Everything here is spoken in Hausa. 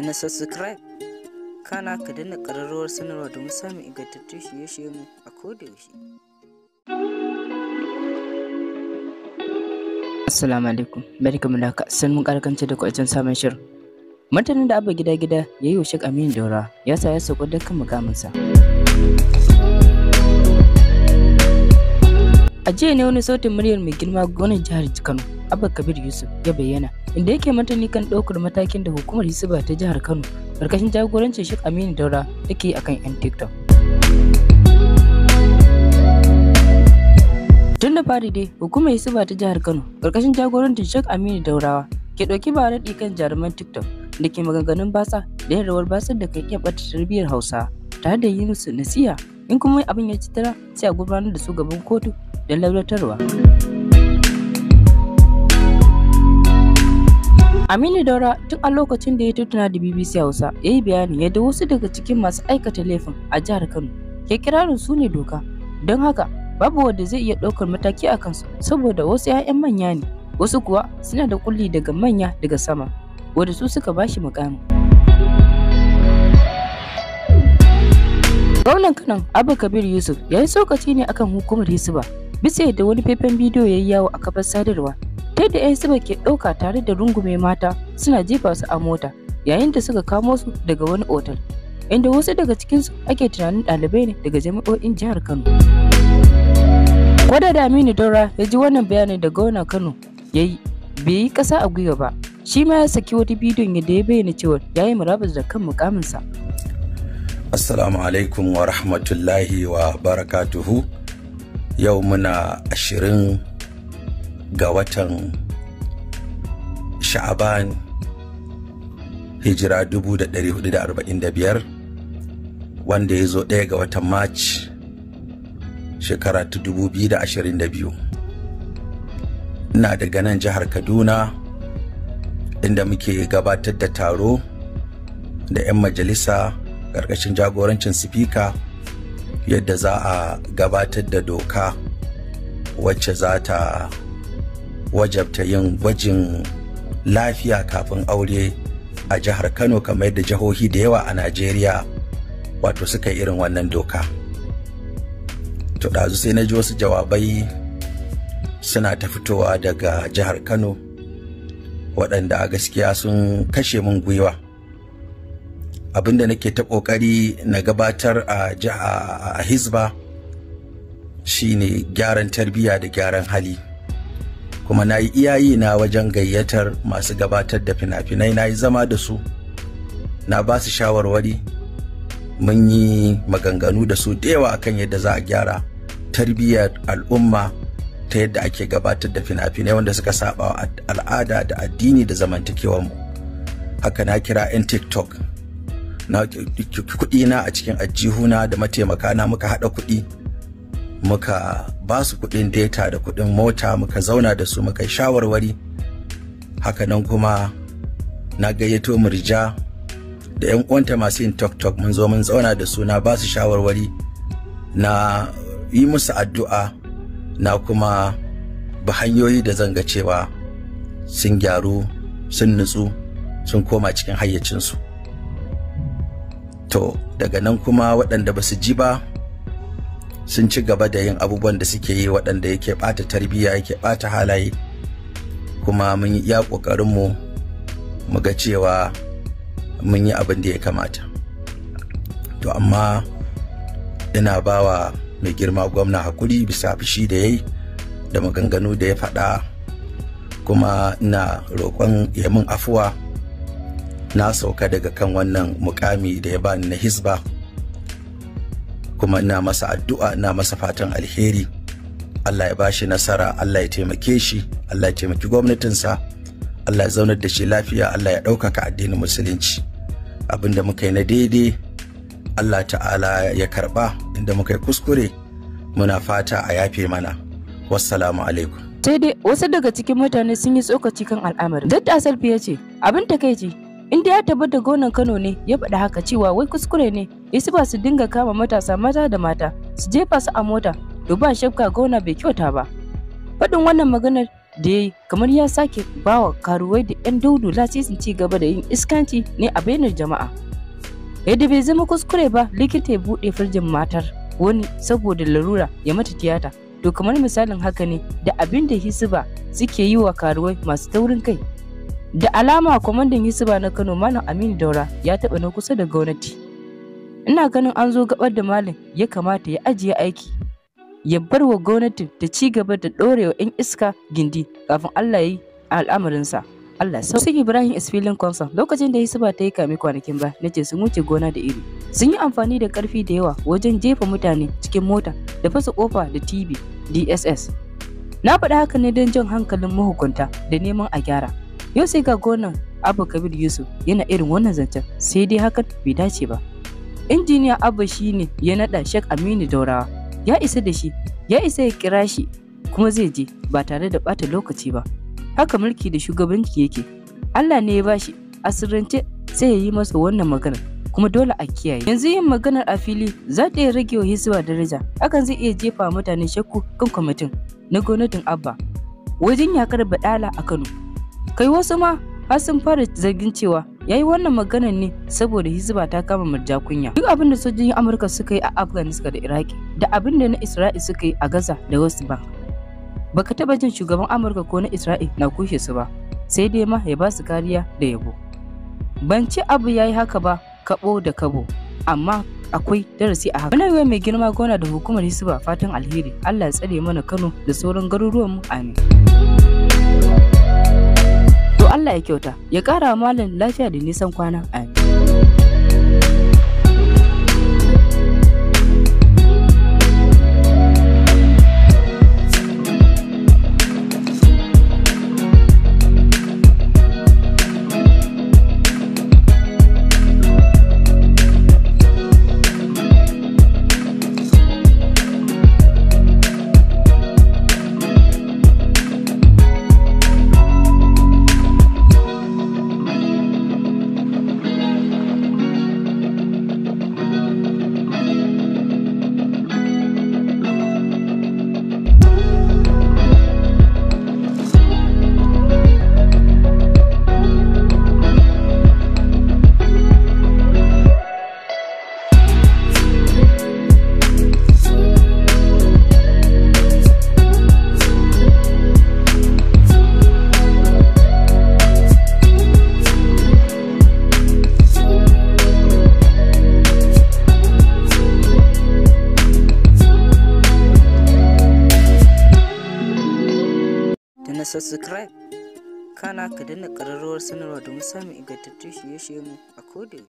da na subscribe kana ka dana ƙararrawar sanarwa domin samun ingantattun shirye-shirye mu a kodayaushe. Assalamu alaikum, barkamu da haka sun mun karkance da kwacin samun shirin. Martanin da abu gida-gida ya yi wa Sheikh Aminu Daura ya sa ya sauko dukkan mukaminsa. A jiya ne wani sautin muryar mai girma gonan jihar Kano, Abba Kabir Yusuf ya bayyana inda yake matani kan ɗaukar matakin da hukumar hisba ta jihar kano karkashin jagorancin shek aminu daura take akan yan tiktok tun da fari dai hukumar hisba ta jihar kano karkashin jagorancin shek aminu daurawa ke ɗauki ba raɗi kan jaruman tiktok da ke maganganun basa da yin rawar basar da kan iya ɓata tarbiyyar hausa tare da yin musu nasiha in kuma abin ya ci tara sai a gudanar da su gaban kotu don laulatarwa. Aminu Daura duk a lokacin da ya tattauna da BBC Hausa ya yi bayani yadda wasu daga cikin masu aikata laifin a jihar Kano ke kirarin su ne doka. Don haka babu wanda zai iya ɗaukar mataki a kansu saboda wasu 'ya'yan manya ne wasu kuwa suna da kulli daga manya daga sama wanda su suka bashi mukami. Gwamnan Kano abba Kabir Yusuf ya yi tsokaci ne akan hukumar Hisba bisa yadda wani faifan bidiyo ya yi yawo a kafar sadarwa ta yadda 'yan ba ke ɗauka tare da rungume mata suna jefa su a mota yayin da suka kamo su daga wani otal inda wasu daga cikinsu ake tunanin ɗalibai ne daga jami'o'in jihar kano kwada da aminu daura ya ji wannan bayanin da gwamnan kano ya bai yi ƙasa a gwiwa ba shi ma ya saki wata bidiyon yadda ya bayyana cewa ya yi murabus da kan mukaminsa assalamu alaikum wa rahmatullahi wa barakatuhu yau muna ashirin ga watan sha'aban hijira 1445 wanda ya zo ɗaya ga watan march shekara ta 2022 ina daga nan jihar kaduna inda muke gabatar da taro da 'yan majalisa ƙarƙashin jagorancin sifika yadda za a gabatar da doka wacce za ta wajabta yin gwajin lafiya kafin aure a jihar kano kamar yadda jihohi da yawa a najeriya wato suka irin wannan doka to ɗazu sai na ji wasu jawabai suna ta fitowa daga jihar kano waɗanda a gaskiya sun kashe min gwiwa abinda nake ta ƙoƙari na gabatar a jiha a hizba shine gyaran tarbiyya da gyaran hali kuma na yi iyayi na wajen gayyatar masu gabatar da fina-finai na yi zama da su na ba su shawarwari mun yi maganganu da su da yawa akan yadda za a gyara tarbiyyar al'umma ta yadda ake gabatar da fina-finai wanda suka saba al'ada da addini da zamantakewar mu haka na kira 'yan tiktok na kuɗi na a cikin ajihuna da mataimaka na muka haɗa kuɗi muka ba su kuɗin data da kuɗin mota muka zauna da su muka shawarwari hakanan kuma na gayyato murja da 'yan uwanta masu yin tok mun zo mun zauna da su na ba su shawarwari na yi musu addu'a na kuma ba hanyoyi da zanga cewa sun gyaru sun nutsu sun koma cikin hayyacinsu to daga nan kuma waɗanda ba su ji ba sun ci gaba da yin abubuwan da suke yi waɗanda yake ɓata tarbiyya yake ɓata halaye kuma mun yi iya ƙoƙarinmu mu ga cewa mun yi abin da ya kamata to amma ina bawa mai girma gwamna hakuri bisa fushi da ya yi da maganganu da ya faɗa kuma ina roƙon ya min afuwa na sauka daga kan wannan mukami da ya bani na hisba. kuma ina masa addu'a ina masa fatan alheri Allah ya bashi nasara Allah ya taimake shi Allah ya taimaki gwamnatinsa Allah ya zaunar da shi lafiya Allah ya ɗaukaka addinin musulunci Abin da muka yi na daidai Allah ta'ala ya karɓa. inda muka yi kuskure muna fata a yafe mana wassalamu alaikum sai dai wasu daga cikin mutane sun yi tsokaci kan al'amarin. Duk da asalfi ya ce abin takaici inda ya da gonan kano ne ya faɗi haka cewa wai kuskure ne yasu ba su dinga kama matasa mata da mata su jefa su a mota to ba shafka gona bai kyauta ba faɗin wannan maganar da ya yi kamar ya sake bawa karuwai da 'yan daudu lasisin ci gaba da yin iskanci ne a bainar jama'a yadda bai zama kuskure ba likita ya buɗe farjin matar wani saboda larura ya mata tiyata to kamar misalin haka ne da abin da hisiba suke yi wa karuwai masu taurin kai da alama kwamandan yusufa na kano malam aminu daura ya taɓa na kusa da gwamnati ina ganin an zo gabar da malam ya kamata ya ajiye aiki ya bar wa gwamnati ta ci gaba da ɗorewa 'yan iska gindi kafin allah ya yi al'amarinsa allah sau sun ibrahim isfilin kwansa lokacin da yusufa ta yi kame kwanakin ba na ce sun wuce gona da iri sun yi amfani da karfi da yawa wajen jefa mutane cikin mota da fasa kofa da tv dss na faɗi haka ne don jan hankalin mahukunta da neman a gyara yau sai ga gonan abu kabir yusuf yana irin wannan zancen sai dai hakan bai dace ba injiniya abba ne ya naɗa shek aminu daurawa ya isa da shi ya isa ya kira shi kuma zai je ba tare da bata lokaci ba haka mulki da shugabanci yake allah ne ya bashi asirance sai ya yi masa wannan magana, kuma dole a kiyaye yanzu yin maganar a fili za ta iya rage wa hisba daraja hakan zai iya jefa mutane shakku kan kwamitin na gwamnatin abba wajen yakar badala a kano kai wasu ma har sun fara zargin cewa ya yi wannan maganar ne saboda hizba ta kama murja kunya duk abin da sojojin amurka suka yi a afghanistan da iraki da abin da na isra'il suka yi a gaza da west bank baka taba jin shugaban amurka ko na isra'il na kushe su ba sai dai ma ya ba su kariya da yabo ban ci abu ya yi haka ba kabo da kabo amma akwai darasi a haka Wani yi mai girma gona da hukumar hisba fatan alheri allah ya tsare mana kano da sauran garuruwanmu amin Allah ya kyauta ya kara malam lafiya da nisan kwana amin subscribe kana ka danna ƙararrawar sanarwa domin samun ingantattun shirye mu a kodin.